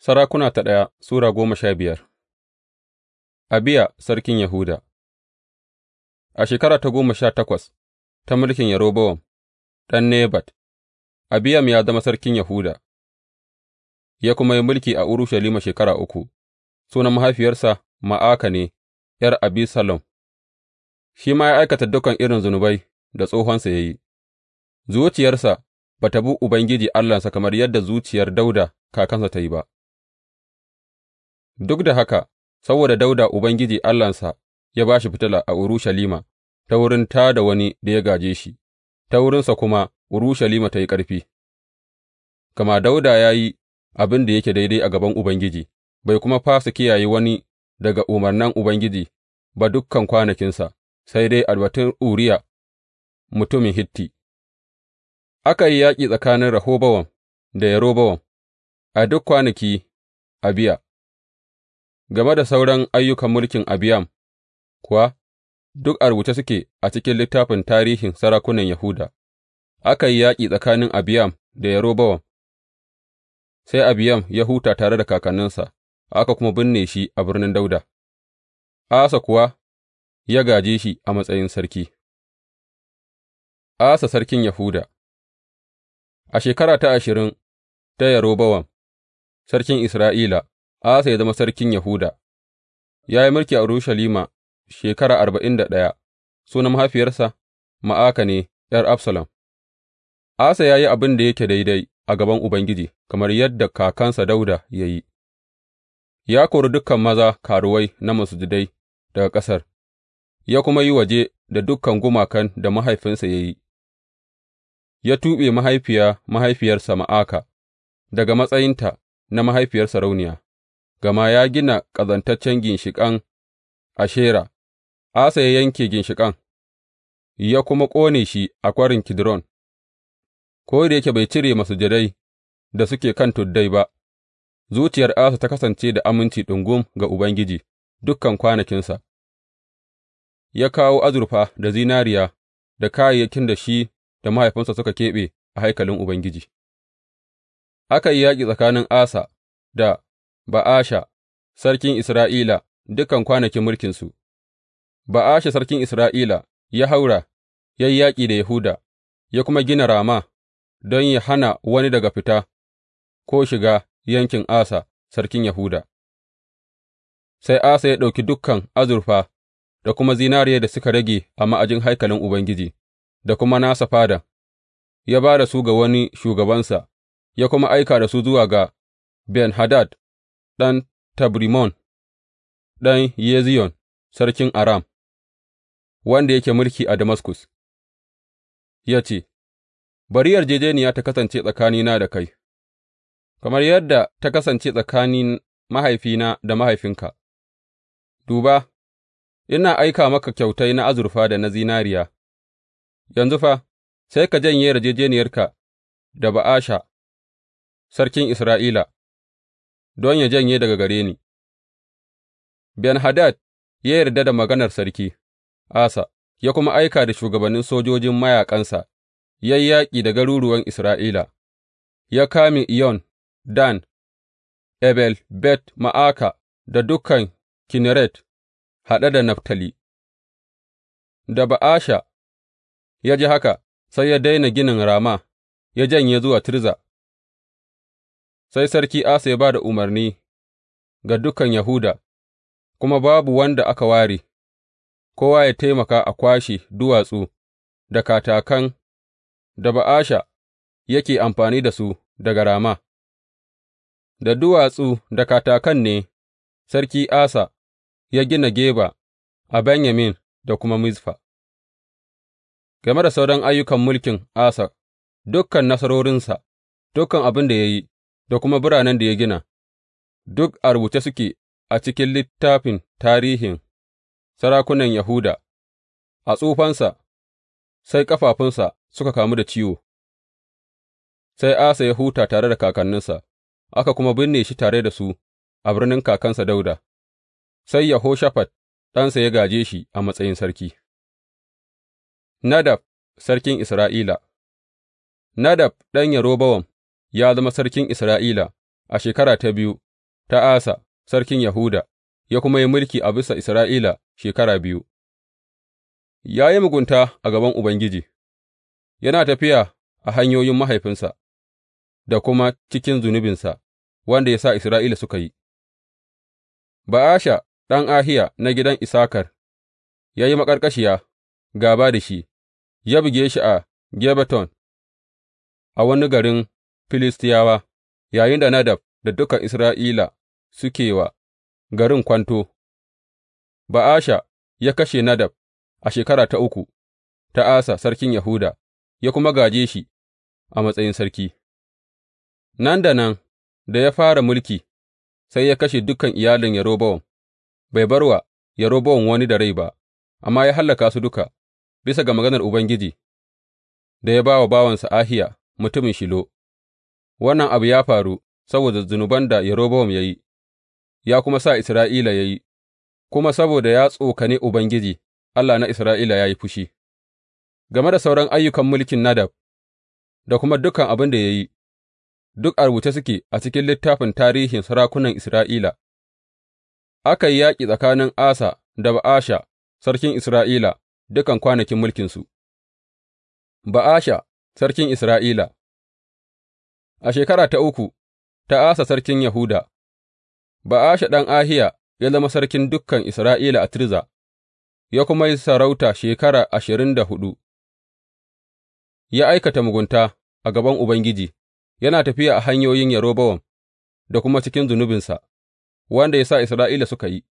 Sarakuna daya ɗaya Sura goma sha biyar Abiya sarkin Yahuda A shekara ta goma sha takwas ta mulkin Yerobowam ɗan Nebat, Abiyam ya zama sarkin Yahuda, ya kuma yi mulki a Urushalima shekara uku, sunan mahaifiyarsa Ma'aka ne, ’yar Abisalom, shi ma ya aikata dukan irin zunubai da tsohonsa ya yi, zuciyarsa ba ta bi Ubangiji Allahnsa kamar yadda zuciyar Dauda kakansa ta yi ba. Duk da haka, saboda Dawuda Ubangiji Allahnsa ya ba shi fitila a Urushalima ta wurin tā da wani da ya gāje shi, ta wurinsa kuma Urushalima ta yi ƙarfi, gama Dawuda ya yi abin da yake daidai a gaban Ubangiji, bai kuma fasa kiyaye wani daga umarnan Ubangiji ba dukkan kwanakinsa, sai dai albatun Uriya mutumin Hitti. Aka yi yaƙi tsakanin Rehobowam da Yerobowam a duk kwanaki a biya. Game da sauran ayyukan mulkin Abiyam kuwa, duk a rubuce suke a cikin littafin tarihin sarakunan Yahuda, aka yi yaƙi tsakanin Abiyam da Yerobowam, sai Abiyam ya huta tare da kakanninsa, aka kuma binne shi a birnin Dauda. Asa kuwa ya gaje shi a matsayin sarki. Asa sarkin Yahuda A shekara ta ashirin ta Yerobowam, sarkin Isra'ila. Asa ya zama sarkin Yahuda, ya yi mulki a Urushalima shekara arba'in da ɗaya, sunan mahaifiyarsa Ma'aka ne ’yar Absalom. Asa ya yi abin da yake daidai a gaban Ubangiji, kamar yadda kakansa Dauda ya yi, ya kori dukan maza karuwai na masujidai daga ƙasar, ya kuma yi waje da dukan gumakan da mahaifinsa ya yi, ya tuɓe mahaifiya mahaifiyarsa Ma'aka daga matsayinta na mahaifiyar sarauniya. gama ya gina ƙazantaccen ginshiƙan Ashera, Asa ya yanke ginshiƙan. ya kuma ƙone shi a Kwarin Kidron, ko da yake bai cire masujadai da suke kan tuddai ba, zuciyar Asa ta kasance da aminci ɗungum ga Ubangiji dukkan kwanakinsa, ya kawo azurfa da zinariya da kayayyakin da shi da mahaifinsa suka keɓe a haikalin Ubangiji. Aka yi yaƙi tsakanin Asa da Ba'asha sarkin Isra'ila dukan kwanakin mulkinsu, Ba'asha sarkin Isra'ila ya haura, ya yi yaƙi da Yahuda, ya kuma gina Rama don ya hana wani daga fita ko shiga yankin Asa sarkin Yahuda. Sai Asa ya ɗauki dukan azurfa da kuma zinariyar da suka rage a ma'ajin haikalin Ubangiji da kuma nasa fada ya ba da su ga wani shugabansa, ya kuma aika da su zuwa ga Ben Hadad ɗan Tabrimon. ɗan Yeziyon, sarkin Aram, wanda yake mulki a Damaskus, ya ce, Bari yarjejeniya ta kasance tsakanina da kai, kamar yadda ta kasance tsakanin mahaifina da mahaifinka, duba, ina aika maka kyautai na azurfa da na zinariya, yanzu fa, sai ka janye yarjejeniyarka da Ba'asha, sarkin Isra'ila. don yă janye daga gare ni. Ben Hadad ya yarda da maganar sarki Asa, ya kuma aika da shugabannin sojojin mayaƙansa, ya yi yaƙi da garuruwan Isra'ila, ya kame Iyon, Dan, Ebel, Bet, Ma'aka da dukan Kineret, haɗe da Naftali. Da Ba'asha ya ji haka, sai ya daina ginin Rama, ya janye zuwa Tirza. Sai Sarki Asa ya ba da umarni ga dukan Yahuda, kuma babu wanda aka ware, kowa ya taimaka a kwashe duwatsu da katakan da Ba'asha yake amfani da su daga Rama, da duwatsu da katakan ne Sarki Asa ya gina Geba a Benyamin da kuma Mizfa. Game da sauran ayyukan mulkin Asa, dukan nasarorinsa, dukan abin da ya yi. da kuma biranen da ya gina, duk a rubuce suke a cikin littafin tarihin sarakunan Yahuda, a tsufansa, sai ƙafafunsa suka kamu da ciwo, sai Asa ya huta tare da kakanninsa, aka kuma binne shi tare da su a birnin kakansa Dauda, sai yahoshafat ɗansa ya gaje shi a matsayin sarki. Nadab sarkin Isra'ila Nadab ɗan Yerobowam ya zama sarkin Isra'ila a shekara ta biyu ta Asa sarkin Yahuda, ya kuma yi mulki a bisa Isra'ila shekara biyu. Ya yi mugunta a gaban Ubangiji, yana tafiya a hanyoyin mahaifinsa da kuma cikin zunubinsa, wanda ya sa Isra'ila suka yi. Ba'asha ɗan Ahiya na gidan Isakar ya yi maƙarƙashiya gaba da shi, ya buge shi a Gibbeton a wani garin Filistiyawa, yayinda Nadab da dukan Isra'ila suke wa garin kwanto, Ba'asha ya kashe Nadab a shekara ta uku ta Asa sarkin Yahuda, ya kuma gaje shi a matsayin sarki. Nan da nan da ya fara mulki, sai ya kashe dukan iyalin Yerobowam, bai bar wa Yerobowam wani da rai ba, amma ya hallaka su duka, bisa ga maganar Ubangiji da ya ba wa bawansa Ahiya mutumin Shilo. Wannan abu ya faru saboda zunuban da Yerobowam ya yi, ya kuma sa Isra'ila ya yi, kuma saboda ya tsokane Ubangiji, Allah na Isra'ila ya yi fushi, game da sauran ayyukan mulkin Nadab da kuma dukan abin da ya yi, duk a rubuce suke a cikin littafin tarihin sarakunan Isra'ila. Aka yi yaƙi tsakanin Asa da Ba'asha, sarkin Isra'ila, dukan kwanakin mulkinsu. Ba'asha, sarkin Isra'ila, A shekara ta uku ta Asa sarkin Yahuda, Ba'asha ɗan Ahiya ya zama sarkin dukan Isra'ila a Tirza, ya kuma yi sarauta shekara ashirin da hudu. ya aikata mugunta a gaban Ubangiji, yana tafiya a hanyoyin Yerobowam da kuma cikin zunubinsa, wanda ya sa Isra'ila suka yi.